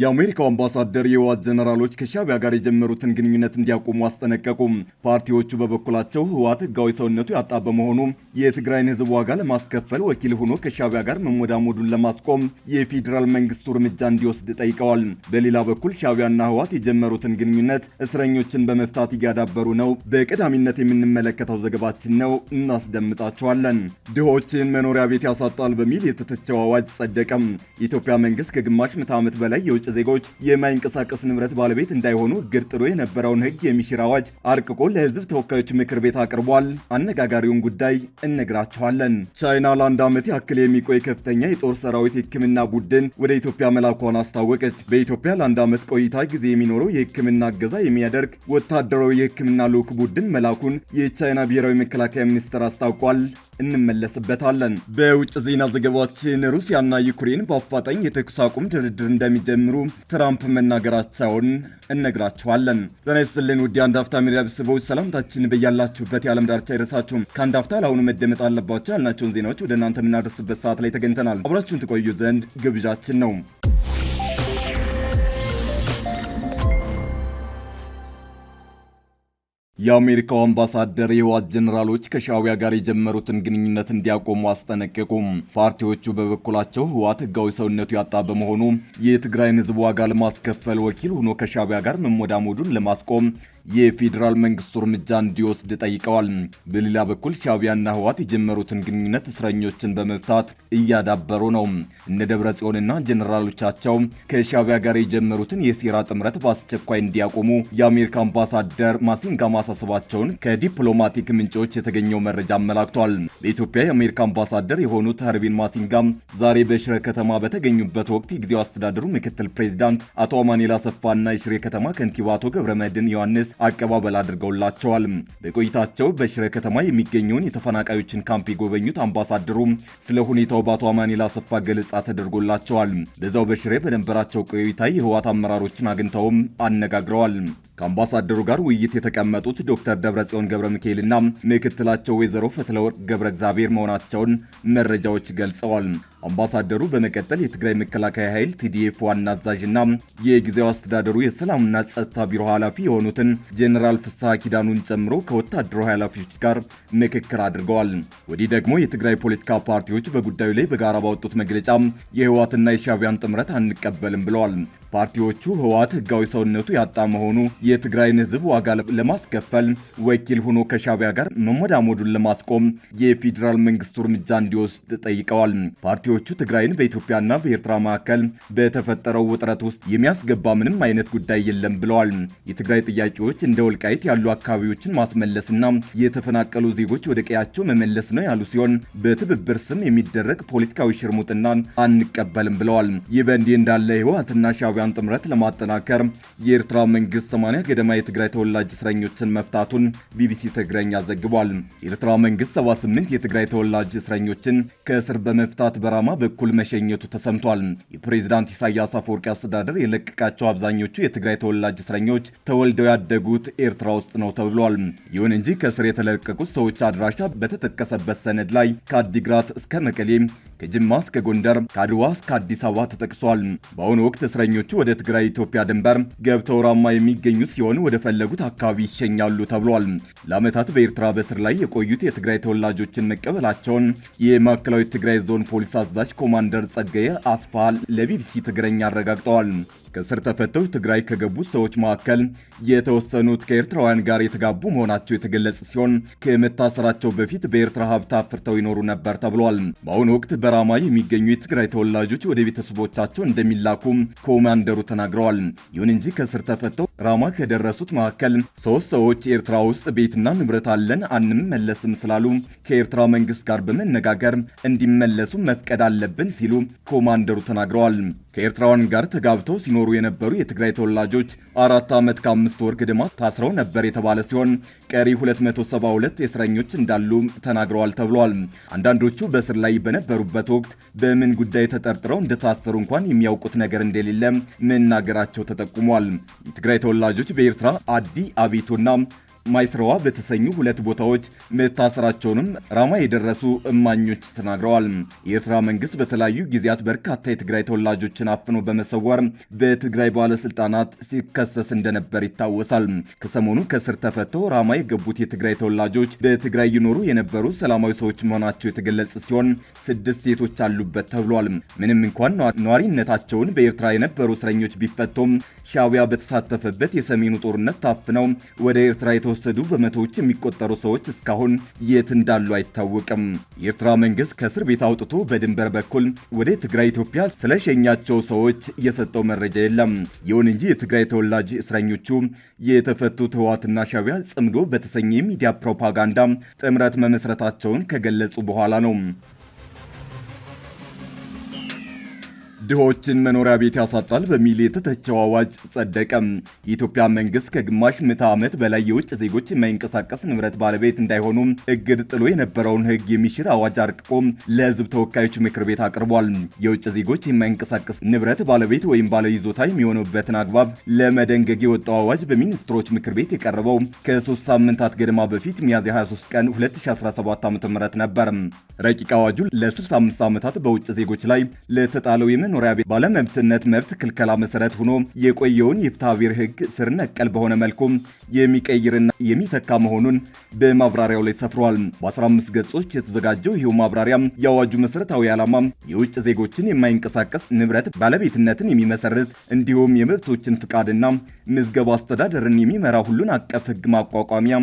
የአሜሪካው አምባሳደር የህወሓት ጀነራሎች ከሻቢያ ጋር የጀመሩትን ግንኙነት እንዲያቆሙ አስጠነቀቁ። ፓርቲዎቹ በበኩላቸው ህወሓት ህጋዊ ሰውነቱ ያጣ በመሆኑ የትግራይን ህዝብ ዋጋ ለማስከፈል ወኪል ሆኖ ከሻቢያ ጋር መሞዳሞዱን ለማስቆም የፌዴራል መንግስቱ እርምጃ እንዲወስድ ጠይቀዋል። በሌላ በኩል ሻቢያና ህወሓት የጀመሩትን ግንኙነት እስረኞችን በመፍታት እያዳበሩ ነው። በቀዳሚነት የምንመለከተው ዘገባችን ነው፣ እናስደምጣቸዋለን። ድሆችን መኖሪያ ቤት ያሳጣል በሚል የተተቸው አዋጅ ጸደቀም። የኢትዮጵያ መንግስት ከግማሽ ምዕተ ዓመት በላይ የውጭ ዜጎች የማይንቀሳቀስ ንብረት ባለቤት እንዳይሆኑ እግድ ጥሎ የነበረውን ሕግ የሚሽር አዋጅ አርቅቆ ለህዝብ ተወካዮች ምክር ቤት አቅርቧል። አነጋጋሪውን ጉዳይ እነግራችኋለን። ቻይና ለአንድ ዓመት ያክል የሚቆይ ከፍተኛ የጦር ሰራዊት የህክምና ቡድን ወደ ኢትዮጵያ መላኳን አስታወቀች። በኢትዮጵያ ለአንድ ዓመት ቆይታ ጊዜ የሚኖረው የህክምና እገዛ የሚያደርግ ወታደራዊ የህክምና ልዑክ ቡድን መላኩን የቻይና ብሔራዊ መከላከያ ሚኒስቴር አስታውቋል። እንመለስበታለን። በውጭ ዜና ዘገባችን ሩሲያና ዩክሬን በአፋጣኝ የተኩስ አቁም ድርድር እንደሚጀምሩ ትራምፕ መናገራቸውን እነግራችኋለን። ጤና ይስጥልን ውድ አንድ አፍታ ሚዲያ ቤተሰቦች ሰላምታችን በያላችሁበት የዓለም ዳርቻ አይረሳችሁም። ከአንድ አፍታ ለአሁኑ መደመጥ አለባቸው ያልናቸውን ዜናዎች ወደ እናንተ የምናደርስበት ሰዓት ላይ ተገኝተናል። አብራችሁን ትቆዩ ዘንድ ግብዣችን ነው። የአሜሪካው አምባሳደር የህወሓት ጀኔራሎች ከሻዕቢያ ጋር የጀመሩትን ግንኙነት እንዲያቆሙ አስጠነቀቁም። ፓርቲዎቹ በበኩላቸው ህወሓት ህጋዊ ሰውነቱ ያጣ በመሆኑ የትግራይን ህዝብ ዋጋ ለማስከፈል ወኪል ሆኖ ከሻዕቢያ ጋር መሞዳሞዱን ለማስቆም የፌዴራል መንግስቱ እርምጃ እንዲወስድ ጠይቀዋል። በሌላ በኩል ሻቢያና ህወሓት የጀመሩትን ግንኙነት እስረኞችን በመፍታት እያዳበሩ ነው። እነ ደብረ ጽዮንና ጀኔራሎቻቸው ከሻቢያ ጋር የጀመሩትን የሴራ ጥምረት በአስቸኳይ እንዲያቆሙ የአሜሪካ አምባሳደር ማሲንጋ ማሳሰባቸውን ከዲፕሎማቲክ ምንጮች የተገኘው መረጃ አመላክቷል። በኢትዮጵያ የአሜሪካ አምባሳደር የሆኑት ሀርቢን ማሲንጋ ዛሬ በሽረ ከተማ በተገኙበት ወቅት የጊዜው አስተዳደሩ ምክትል ፕሬዚዳንት አቶ አማኔላ ሰፋና የሽሬ ከተማ ከንቲባ አቶ ገብረ መድን ዮሐንስ አቀባበል አድርገውላቸዋል። በቆይታቸው በሽረ ከተማ የሚገኘውን የተፈናቃዮችን ካምፕ የጎበኙት አምባሳደሩ ስለ ሁኔታው በአቶ አማኔላ አሰፋ ገለጻ ተደርጎላቸዋል። በዛው በሽሬ በነበራቸው ቆይታ የህወሓት አመራሮችን አግኝተውም አነጋግረዋል። ከአምባሳደሩ ጋር ውይይት የተቀመጡት ዶክተር ደብረጽዮን ገብረ ሚካኤልና ምክትላቸው ወይዘሮ ፈትለወርቅ ገብረ እግዚአብሔር መሆናቸውን መረጃዎች ገልጸዋል። አምባሳደሩ በመቀጠል የትግራይ መከላከያ ኃይል ቲዲኤፍ ዋና አዛዥና የጊዜው አስተዳደሩ የሰላምና ጸጥታ ቢሮ ኃላፊ የሆኑትን ጄኔራል ፍስሐ ኪዳኑን ጨምሮ ከወታደራዊ ኃላፊዎች ጋር ምክክር አድርገዋል። ወዲህ ደግሞ የትግራይ ፖለቲካ ፓርቲዎች በጉዳዩ ላይ በጋራ ባወጡት መግለጫ የህወሓትና የሻቢያን ጥምረት አንቀበልም ብለዋል። ፓርቲዎቹ ህወሓት ህጋዊ ሰውነቱ ያጣ መሆኑ የትግራይን ህዝብ ዋጋ ለማስከፈል ወኪል ሆኖ ከሻቢያ ጋር መሞዳሞዱን ለማስቆም የፌዴራል መንግስቱ እርምጃ እንዲወስድ ጠይቀዋል። ፓርቲዎቹ ትግራይን በኢትዮጵያና በኤርትራ መካከል በተፈጠረው ውጥረት ውስጥ የሚያስገባ ምንም አይነት ጉዳይ የለም ብለዋል። የትግራይ ጥያቄዎች እንደ ወልቃይት ያሉ አካባቢዎችን ማስመለስና የተፈናቀሉ ዜጎች ወደ ቀያቸው መመለስ ነው ያሉ ሲሆን በትብብር ስም የሚደረግ ፖለቲካዊ ሽርሙጥና አንቀበልም ብለዋል። ይህ በእንዲህ እንዳለ ህወሓትና ሻቢያን ጥምረት ለማጠናከር የኤርትራ መንግስት 80 ገደማ የትግራይ ተወላጅ እስረኞችን መፍታቱን ቢቢሲ ትግረኛ ዘግቧል። የኤርትራ መንግስት 78 የትግራይ ተወላጅ እስረኞችን ከእስር በመፍታት በራማ በኩል መሸኘቱ ተሰምቷል። የፕሬዚዳንት ኢሳያስ አፈወርቂ አስተዳደር የለቀቃቸው አብዛኞቹ የትግራይ ተወላጅ እስረኞች ተወልደው ያደጉት ኤርትራ ውስጥ ነው ተብሏል። ይሁን እንጂ ከእስር የተለቀቁት ሰዎች አድራሻ በተጠቀሰበት ሰነድ ላይ ከአዲግራት እስከ መቀሌ ከጅማ እስከ ጎንደር ከአድዋ እስከ አዲስ አበባ ተጠቅሷል። በአሁኑ ወቅት እስረኞቹ ወደ ትግራይ ኢትዮጵያ ድንበር ገብተው ራማ የሚገኙ ሲሆን ወደ ፈለጉት አካባቢ ይሸኛሉ ተብሏል። ለዓመታት በኤርትራ በስር ላይ የቆዩት የትግራይ ተወላጆችን መቀበላቸውን የማዕከላዊ ትግራይ ዞን ፖሊስ አዛዥ ኮማንደር ጸጋዬ አስፋ ለቢቢሲ ትግረኛ አረጋግጠዋል። ከእስር ተፈተው ትግራይ ከገቡት ሰዎች መካከል የተወሰኑት ከኤርትራውያን ጋር የተጋቡ መሆናቸው የተገለጸ ሲሆን ከመታሰራቸው በፊት በኤርትራ ሀብት አፍርተው ይኖሩ ነበር ተብሏል። በአሁኑ ወቅት በራማ የሚገኙ የትግራይ ተወላጆች ወደ ቤተሰቦቻቸው እንደሚላኩ ኮማንደሩ ተናግረዋል። ይሁን እንጂ ከእስር ተፈተው ራማ ከደረሱት መካከል ሶስት ሰዎች ኤርትራ ውስጥ ቤትና ንብረት አለን አንመለስም ስላሉ ከኤርትራ መንግስት ጋር በመነጋገር እንዲመለሱ መፍቀድ አለብን ሲሉ ኮማንደሩ ተናግረዋል። ከኤርትራውያን ጋር ተጋብተው ሲኖሩ የነበሩ የትግራይ ተወላጆች አራት ዓመት ከአምስት ወር ግድማ ታስረው ነበር የተባለ ሲሆን ቀሪ 272 እስረኞች እንዳሉ ተናግረዋል ተብሏል። አንዳንዶቹ በእስር ላይ በነበሩበት ወቅት በምን ጉዳይ ተጠርጥረው እንደታሰሩ እንኳን የሚያውቁት ነገር እንደሌለ መናገራቸው ተጠቁሟል። የትግራይ ተወላጆች በኤርትራ አዲ አቤቶና ማይስራዋ በተሰኙ ሁለት ቦታዎች መታሰራቸውንም ራማ የደረሱ እማኞች ተናግረዋል። የኤርትራ መንግስት በተለያዩ ጊዜያት በርካታ የትግራይ ተወላጆችን አፍኖ በመሰወር በትግራይ ባለስልጣናት ሲከሰስ እንደነበር ይታወሳል። ከሰሞኑ ከስር ተፈተው ራማ የገቡት የትግራይ ተወላጆች በትግራይ ይኖሩ የነበሩ ሰላማዊ ሰዎች መሆናቸው የተገለጸ ሲሆን ስድስት ሴቶች አሉበት ተብሏል። ምንም እንኳን ነዋሪነታቸውን በኤርትራ የነበሩ እስረኞች ቢፈቶም ሻቢያ በተሳተፈበት የሰሜኑ ጦርነት ታፍነው ወደ ኤርትራ የተወሰዱ በመቶዎች የሚቆጠሩ ሰዎች እስካሁን የት እንዳሉ አይታወቅም። የኤርትራ መንግስት ከእስር ቤት አውጥቶ በድንበር በኩል ወደ ትግራይ ኢትዮጵያ ስለሸኛቸው ሰዎች የሰጠው መረጃ የለም። ይሁን እንጂ የትግራይ ተወላጅ እስረኞቹ የተፈቱት ህወሓትና ሻቢያ ጽምዶ በተሰኘ የሚዲያ ፕሮፓጋንዳ ጥምረት መመስረታቸውን ከገለጹ በኋላ ነው። ድሆችን መኖሪያ ቤት ያሳጣል በሚል የተተቸው አዋጅ ጸደቀ። የኢትዮጵያ መንግስት ከግማሽ ምዕተ ዓመት በላይ የውጭ ዜጎች የማይንቀሳቀስ ንብረት ባለቤት እንዳይሆኑ እግድ ጥሎ የነበረውን ህግ የሚሽር አዋጅ አርቅቆ ለህዝብ ተወካዮች ምክር ቤት አቅርቧል። የውጭ ዜጎች የማይንቀሳቀስ ንብረት ባለቤት ወይም ባለይዞታ የሚሆኑበትን አግባብ ለመደንገግ የወጣው አዋጅ በሚኒስትሮች ምክር ቤት የቀረበው ከሶስት ሳምንታት ገድማ በፊት ሚያዝያ 23 ቀን 2017 ዓ.ም ነበር። ረቂቅ አዋጁ ለ65 ዓመታት በውጭ ዜጎች ላይ ለተጣለው የመኖ መኖሪያ ቤት ባለመብትነት መብት ክልከላ መሰረት ሆኖ የቆየውን የፍትሐብሔር ሕግ ስር ነቀል በሆነ መልኩ የሚቀይርና የሚተካ መሆኑን በማብራሪያው ላይ ሰፍሯል። በ15 ገጾች የተዘጋጀው ይህው ማብራሪያ የአዋጁ መሰረታዊ ዓላማ የውጭ ዜጎችን የማይንቀሳቀስ ንብረት ባለቤትነትን የሚመሰርት እንዲሁም የመብቶችን ፍቃድና ምዝገባ አስተዳደርን የሚመራ ሁሉን አቀፍ ሕግ ማቋቋሚያ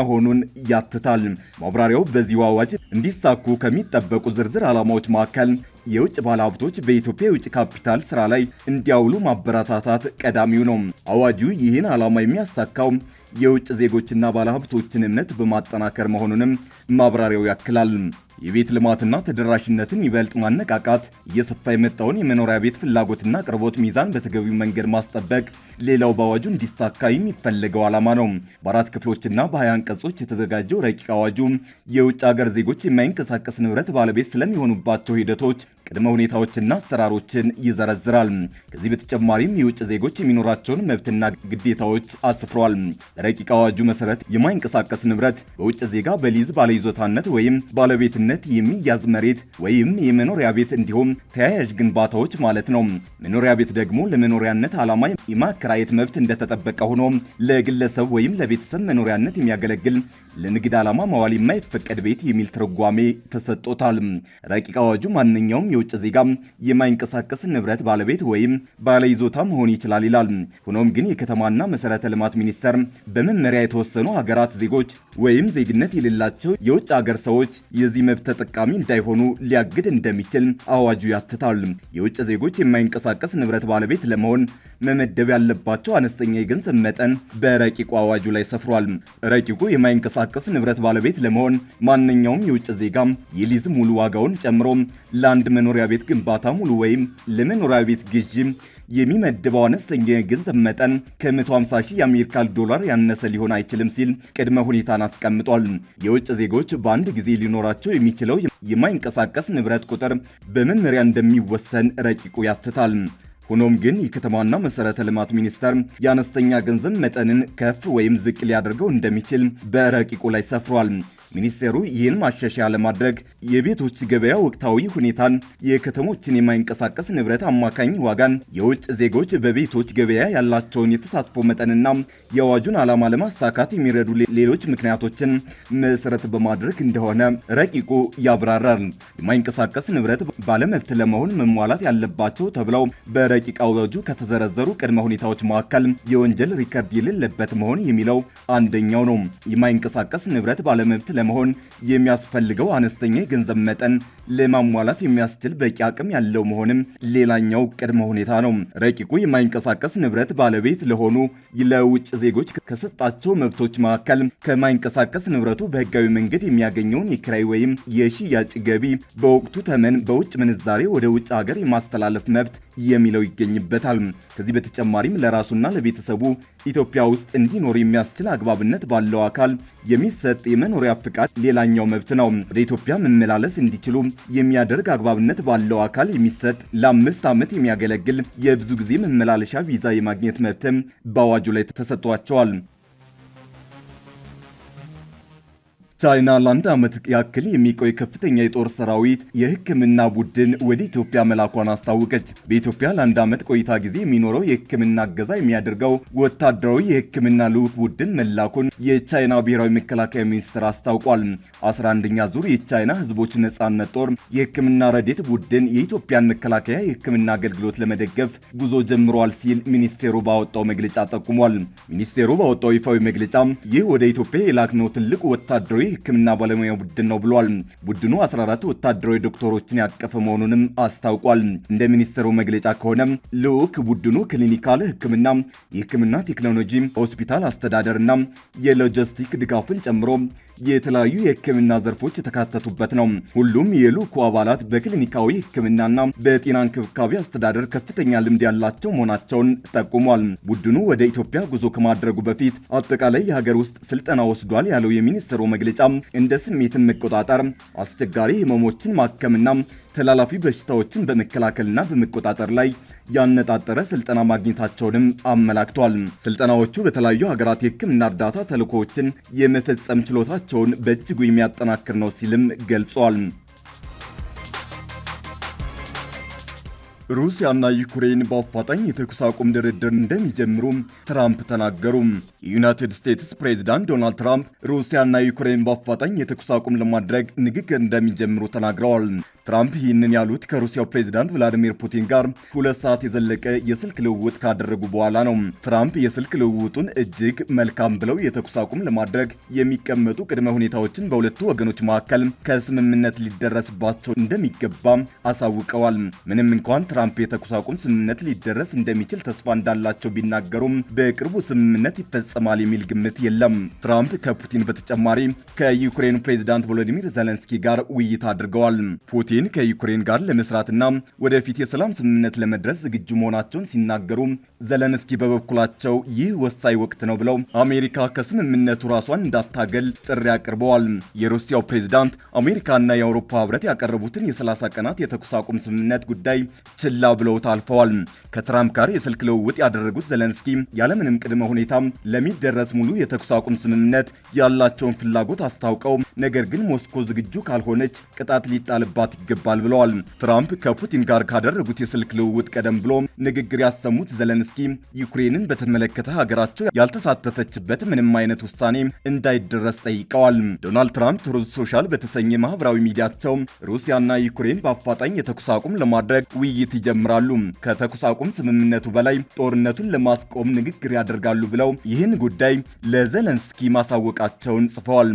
መሆኑን ያትታል። ማብራሪያው በዚሁ አዋጅ እንዲሳኩ ከሚጠበቁ ዝርዝር ዓላማዎች መካከል የውጭ ባለሀብቶች በኢትዮጵያ የውጭ ካፒታል ስራ ላይ እንዲያውሉ ማበረታታት ቀዳሚው ነው። አዋጁ ይህን ዓላማ የሚያሳካው የውጭ ዜጎችና ባለሀብቶችን እምነት በማጠናከር መሆኑንም ማብራሪያው ያክላል። የቤት ልማትና ተደራሽነትን ይበልጥ ማነቃቃት፣ እየሰፋ የመጣውን የመኖሪያ ቤት ፍላጎትና አቅርቦት ሚዛን በተገቢው መንገድ ማስጠበቅ ሌላው በአዋጁ እንዲሳካ የሚፈለገው ዓላማ ነው። በአራት ክፍሎችና በሀያ አንቀጾች የተዘጋጀው ረቂቅ አዋጁ የውጭ ሀገር ዜጎች የማይንቀሳቀስ ንብረት ባለቤት ስለሚሆኑባቸው ሂደቶች ቅድመ ሁኔታዎችና አሰራሮችን ይዘረዝራል። ከዚህ በተጨማሪም የውጭ ዜጎች የሚኖራቸውን መብትና ግዴታዎች አስፍሯል። በረቂቅ አዋጁ መሰረት የማይንቀሳቀስ ንብረት በውጭ ዜጋ በሊዝ ባለይዞታነት ወይም ባለቤትነት የሚያዝ መሬት ወይም የመኖሪያ ቤት እንዲሁም ተያያዥ ግንባታዎች ማለት ነው። መኖሪያ ቤት ደግሞ ለመኖሪያነት ዓላማ የማከራየት መብት እንደተጠበቀ ሆኖ ለግለሰብ ወይም ለቤተሰብ መኖሪያነት የሚያገለግል ለንግድ ዓላማ መዋል የማይፈቀድ ቤት የሚል ትርጓሜ ተሰጥቶታል። ረቂቅ አዋጁ ማንኛውም ውጭ ዜጋ የማይንቀሳቀስ ንብረት ባለቤት ወይም ባለይዞታ መሆን ይችላል ይላል። ሆኖም ግን የከተማና መሰረተ ልማት ሚኒስቴር በመመሪያ የተወሰኑ ሀገራት ዜጎች ወይም ዜግነት የሌላቸው የውጭ ሀገር ሰዎች የዚህ መብት ተጠቃሚ እንዳይሆኑ ሊያግድ እንደሚችል አዋጁ ያትታል። የውጭ ዜጎች የማይንቀሳቀስ ንብረት ባለቤት ለመሆን መመደብ ያለባቸው አነስተኛ የገንዘብ መጠን በረቂቁ አዋጁ ላይ ሰፍሯል። ረቂቁ የማይንቀሳቀስ ንብረት ባለቤት ለመሆን ማንኛውም የውጭ ዜጋ የሊዝ ሙሉ ዋጋውን ጨምሮ ለአንድ መኖሪያ ቤት ግንባታ ሙሉ ወይም ለመኖሪያ ቤት ግዢ የሚመድበው አነስተኛ የገንዘብ መጠን ከ150 ሺህ የአሜሪካን ዶላር ያነሰ ሊሆን አይችልም ሲል ቅድመ ሁኔታን አስቀምጧል። የውጭ ዜጎች በአንድ ጊዜ ሊኖራቸው የሚችለው የማይንቀሳቀስ ንብረት ቁጥር በመመሪያ እንደሚወሰን ረቂቁ ያትታል። ሆኖም ግን የከተማና መሰረተ ልማት ሚኒስቴር የአነስተኛ ገንዘብ መጠንን ከፍ ወይም ዝቅ ሊያደርገው እንደሚችል በረቂቁ ላይ ሰፍሯል። ሚኒስቴሩ ይህን ማሻሻያ ለማድረግ የቤቶች ገበያ ወቅታዊ ሁኔታን፣ የከተሞችን የማይንቀሳቀስ ንብረት አማካኝ ዋጋን፣ የውጭ ዜጎች በቤቶች ገበያ ያላቸውን የተሳትፎ መጠንና የአዋጁን ዓላማ ለማሳካት የሚረዱ ሌሎች ምክንያቶችን መሰረት በማድረግ እንደሆነ ረቂቁ ያብራራል። የማይንቀሳቀስ ንብረት ባለመብት ለመሆን መሟላት ያለባቸው ተብለው በረቂቅ አዋጁ ከተዘረዘሩ ቅድመ ሁኔታዎች መካከል የወንጀል ሪከርድ የሌለበት መሆን የሚለው አንደኛው ነው። የማይንቀሳቀስ ንብረት ባለመብት ለመሆን የሚያስፈልገው አነስተኛ የገንዘብ መጠን ለማሟላት የሚያስችል በቂ አቅም ያለው መሆንም ሌላኛው ቅድመ ሁኔታ ነው። ረቂቁ የማይንቀሳቀስ ንብረት ባለቤት ለሆኑ ለውጭ ዜጎች ከሰጣቸው መብቶች መካከል ከማይንቀሳቀስ ንብረቱ በህጋዊ መንገድ የሚያገኘውን የክራይ ወይም የሽያጭ ገቢ በወቅቱ ተመን በውጭ ምንዛሬ ወደ ውጭ ሀገር የማስተላለፍ መብት የሚለው ይገኝበታል። ከዚህ በተጨማሪም ለራሱና ለቤተሰቡ ኢትዮጵያ ውስጥ እንዲኖር የሚያስችል አግባብነት ባለው አካል የሚሰጥ የመኖሪያ ፍቃድ ሌላኛው መብት ነው። ወደ ኢትዮጵያ መመላለስ እንዲችሉ የሚያደርግ አግባብነት ባለው አካል የሚሰጥ ለአምስት ዓመት የሚያገለግል የብዙ ጊዜ መመላለሻ ቪዛ የማግኘት መብትም በአዋጁ ላይ ተሰጥቷቸዋል። ቻይና ለአንድ ዓመት ያክል የሚቆይ ከፍተኛ የጦር ሰራዊት የሕክምና ቡድን ወደ ኢትዮጵያ መላኳን አስታወቀች። በኢትዮጵያ ለአንድ ዓመት ቆይታ ጊዜ የሚኖረው የሕክምና እገዛ የሚያደርገው ወታደራዊ የሕክምና ልዑክ ቡድን መላኩን የቻይና ብሔራዊ መከላከያ ሚኒስቴር አስታውቋል። 11ኛ ዙር የቻይና ሕዝቦች ነጻነት ጦር የሕክምና ረዴት ቡድን የኢትዮጵያን መከላከያ የሕክምና አገልግሎት ለመደገፍ ጉዞ ጀምሯል ሲል ሚኒስቴሩ ባወጣው መግለጫ ጠቁሟል። ሚኒስቴሩ ባወጣው ይፋዊ መግለጫ ይህ ወደ ኢትዮጵያ የላክነው ትልቅ ወታደራዊ የህክምና ባለሙያ ቡድን ነው ብሏል። ቡድኑ 14 ወታደራዊ ዶክተሮችን ያቀፈ መሆኑንም አስታውቋል። እንደ ሚኒስትሩ መግለጫ ከሆነ ልዑክ ቡድኑ ክሊኒካል ህክምና የህክምና ቴክኖሎጂ፣ ሆስፒታል አስተዳደርና የሎጂስቲክ ድጋፍን ጨምሮ የተለያዩ የህክምና ዘርፎች የተካተቱበት ነው። ሁሉም የልዑኩ አባላት በክሊኒካዊ ህክምናና በጤና እንክብካቤ አስተዳደር ከፍተኛ ልምድ ያላቸው መሆናቸውን ጠቁሟል። ቡድኑ ወደ ኢትዮጵያ ጉዞ ከማድረጉ በፊት አጠቃላይ የሀገር ውስጥ ስልጠና ወስዷል ያለው የሚኒስትሩ መግለጫ እንደ ስሜትን መቆጣጠር፣ አስቸጋሪ ህመሞችን ማከምና ተላላፊ በሽታዎችን በመከላከልና በመቆጣጠር ላይ ያነጣጠረ ስልጠና ማግኘታቸውንም አመላክቷል። ስልጠናዎቹ በተለያዩ ሀገራት የህክምና እርዳታ ተልእኮዎችን የመፈጸም ችሎታቸውን በእጅጉ የሚያጠናክር ነው ሲልም ገልጿል። ሩሲያና ዩክሬን በአፋጣኝ የተኩስ አቁም ድርድር እንደሚጀምሩ ትራምፕ ተናገሩ። የዩናይትድ ስቴትስ ፕሬዚዳንት ዶናልድ ትራምፕ ሩሲያና ዩክሬን በአፋጣኝ የተኩስ አቁም ለማድረግ ንግግር እንደሚጀምሩ ተናግረዋል። ትራምፕ ይህንን ያሉት ከሩሲያው ፕሬዚዳንት ቭላዲሚር ፑቲን ጋር ሁለት ሰዓት የዘለቀ የስልክ ልውውጥ ካደረጉ በኋላ ነው። ትራምፕ የስልክ ልውውጡን እጅግ መልካም ብለው የተኩስ አቁም ለማድረግ የሚቀመጡ ቅድመ ሁኔታዎችን በሁለቱ ወገኖች መካከል ከስምምነት ሊደረስባቸው እንደሚገባ አሳውቀዋል። ምንም እንኳን ትራምፕ የተኩስ አቁም ስምምነት ሊደረስ እንደሚችል ተስፋ እንዳላቸው ቢናገሩም በቅርቡ ስምምነት ይፈጸማል የሚል ግምት የለም። ትራምፕ ከፑቲን በተጨማሪ ከዩክሬኑ ፕሬዚዳንት ቮሎዲሚር ዘለንስኪ ጋር ውይይት አድርገዋል። ፑቲን ከዩክሬን ጋር ለመስራትና ወደፊት የሰላም ስምምነት ለመድረስ ዝግጁ መሆናቸውን ሲናገሩ ዘለንስኪ በበኩላቸው ይህ ወሳኝ ወቅት ነው ብለው አሜሪካ ከስምምነቱ ራሷን እንዳታገል ጥሪ አቅርበዋል። የሩሲያው ፕሬዝዳንት አሜሪካና የአውሮፓ ህብረት ያቀረቡትን የ30 ቀናት የተኩስ አቁም ስምምነት ጉዳይ ችላ ብለውት አልፈዋል። ከትራምፕ ጋር የስልክ ልውውጥ ያደረጉት ዘለንስኪ ያለምንም ቅድመ ሁኔታ ለሚደረስ ሙሉ የተኩስ አቁም ስምምነት ያላቸውን ፍላጎት አስታውቀው ነገር ግን ሞስኮ ዝግጁ ካልሆነች ቅጣት ሊጣልባት ይገባል ብለዋል። ትራምፕ ከፑቲን ጋር ካደረጉት የስልክ ልውውጥ ቀደም ብሎ ንግግር ያሰሙት ዘለንስኪ ዩክሬንን በተመለከተ ሀገራቸው ያልተሳተፈችበት ምንም አይነት ውሳኔ እንዳይደረስ ጠይቀዋል። ዶናልድ ትራምፕ ትሩዝ ሶሻል በተሰኘ ማህበራዊ ሚዲያቸው ሩሲያና ዩክሬን በአፋጣኝ የተኩስ አቁም ለማድረግ ውይይት ይጀምራሉ፣ ከተኩስ አቁም ስምምነቱ በላይ ጦርነቱን ለማስቆም ንግግር ያደርጋሉ ብለው ይህን ጉዳይ ለዘለንስኪ ማሳወቃቸውን ጽፈዋል።